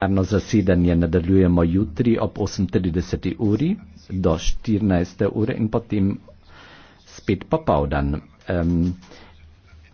Plenarno zasedanje nadaljujemo jutri ob 8.30 uri do 14. ure in potem spet popovdan. Um,